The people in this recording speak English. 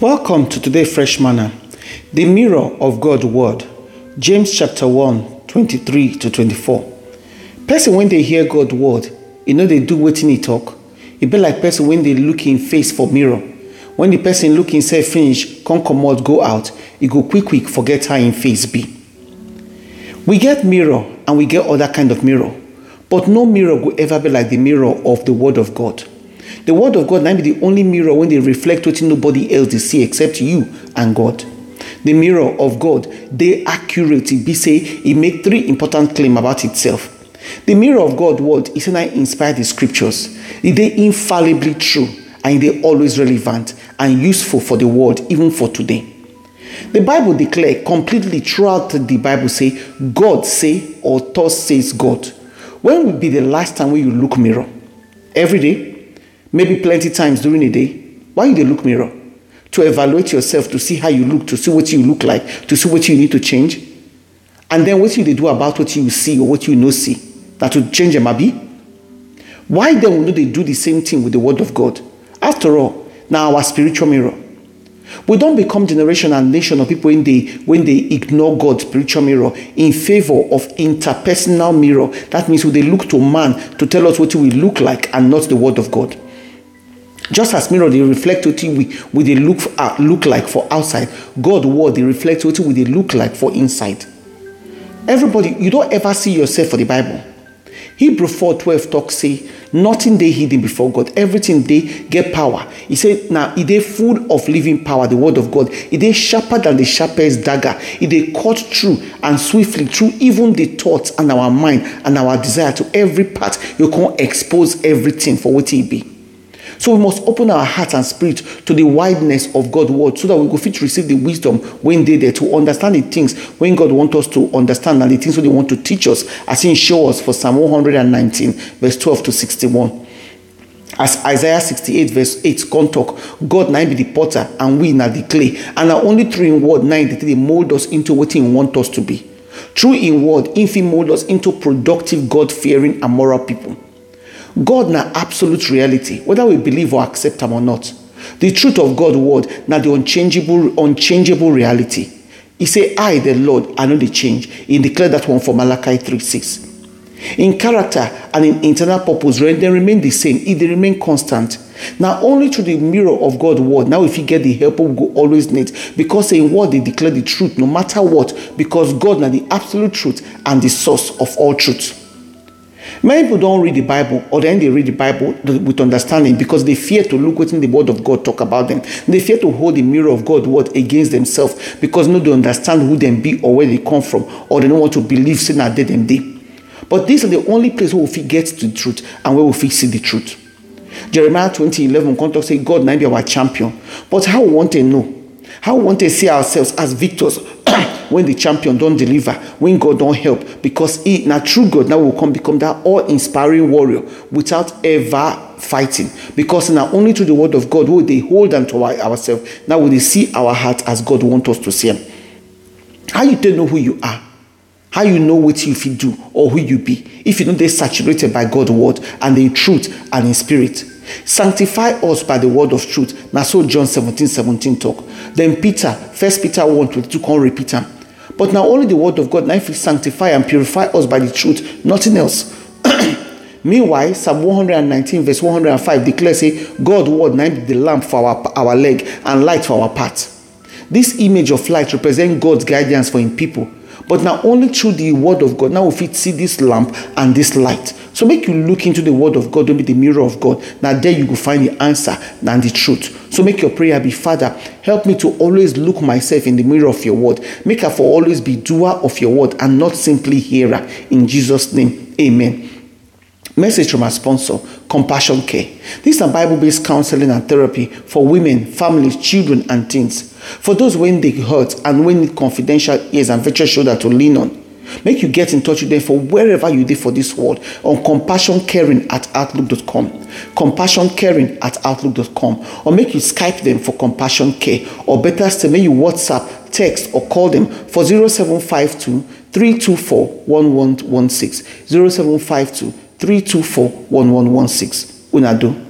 Welcome to today fresh manner, the mirror of God's word, James chapter 1, 23 to 24. Person when they hear God's word, you know they do in he talk. It be like person when they look in face for mirror. When the person look say finish, come come out, go out, it go quick quick forget how in face be. We get mirror and we get other kind of mirror, but no mirror will ever be like the mirror of the word of God. The word of God might be the only mirror when they reflect what nobody else they see except you and God. The mirror of God, they accurately be say it make three important claim about itself. The mirror of God word is when I inspire the scriptures. It they infallibly true and they always relevant and useful for the world even for today. The Bible declare completely throughout the Bible say God say or thus says God. When will be the last time when you look mirror? Every day? maybe plenty times during a day why you dey look mirror to evaluate yourself to see how you look to see what you look like to see what you need to change and then what you dey do about what you see or what you no see that will change am abi why then we no dey do the same thing with the word of god after all na our spiritual mirror we don become generation and nation of people when they when they ignore god spiritual mirror in favour of interpersonal mirror that means we dey look to man to tell us wetin we look like and not the word of god just as mirror, they reflect what we, we they look, at uh, look like for outside. God word, they reflect what they look like for inside. Everybody, you don't ever see yourself for the Bible. Hebrew 4 12 talks say, nothing they hidden before God. Everything they get power. He said, now it they full of living power, the word of God. It they sharper than the sharpest dagger. It they cut through and swiftly through even the thoughts and our mind and our desire to every part. You can expose everything for what it be. So we must open our hearts and spirit to the wideness of God's word so that we could fit receive the wisdom when they there to understand the things when God wants us to understand and the things that they want to teach us, as in show us for Psalm 119, verse 12 to 61. As Isaiah 68 verse 8 come talk, God na be the potter and we now the clay. And na only through in word nine that he mold us into what he want us to be. True in word, him mold us into productive God-fearing and moral people. God na absolute reality, whether we believe or accept Him or not. The truth of God's word na the unchangeable, unchangeable reality. He say, I, the Lord, I know the change. He declared that one for Malachi 3 6. In character and in internal purpose, they remain the same, if they remain constant. Now, only through the mirror of God's word, now if you get the help we go always need, because in word they declare the truth no matter what, because God now the absolute truth and the source of all truth. Many people don't read the Bible, or then they read the Bible with understanding because they fear to look within the Word of God talk about them. They fear to hold the mirror of God word against themselves because no, they understand who they be or where they come from, or they don't want to believe sin that dead them they. But this is the only place where we get to the truth and where we see the truth. Jeremiah 20 11 context say God now be our champion. But how we want to know? How we want to see ourselves as victors when the champion don't deliver, when God don't help, because he, now true God now will come become that all-inspiring warrior without ever fighting because now only through the word of God will they hold unto our, ourselves. Now will they see our heart as God wants us to see him. How you don't know who you are? How you know what you feel do or who you be? If you know they're saturated by God's word and the truth and in spirit. Sanctify us by the word of truth. Now so John 17, 17 talk. Then Peter, first Peter 1, 22, come repeat him. But now only the word of God now will sanctify and purify us by the truth, nothing else. Meanwhile, Psalm 119, verse 105 declares, say, God word now the lamp for our, our leg and light for our path. This image of light represents God's guidance for his people but now only through the word of God, now if you see this lamp and this light. So make you look into the word of God, don't be the mirror of God. Now there you will find the answer and the truth. So make your prayer be, Father, help me to always look myself in the mirror of your word. Make her for always be doer of your word and not simply hearer. In Jesus' name, amen. Message from our sponsor, Compassion Care. This is a Bible based counseling and therapy for women, families, children, and teens. For those when they hurt and when need confidential ears and virtual shoulder to lean on. Make you get in touch with them for wherever you live for this world on compassioncaring at outlook.com. Compassioncaring at outlook.com. Or make you Skype them for compassion care. Or better still, make you WhatsApp, text, or call them for 0752 324 1116. 0752 324 1116. Una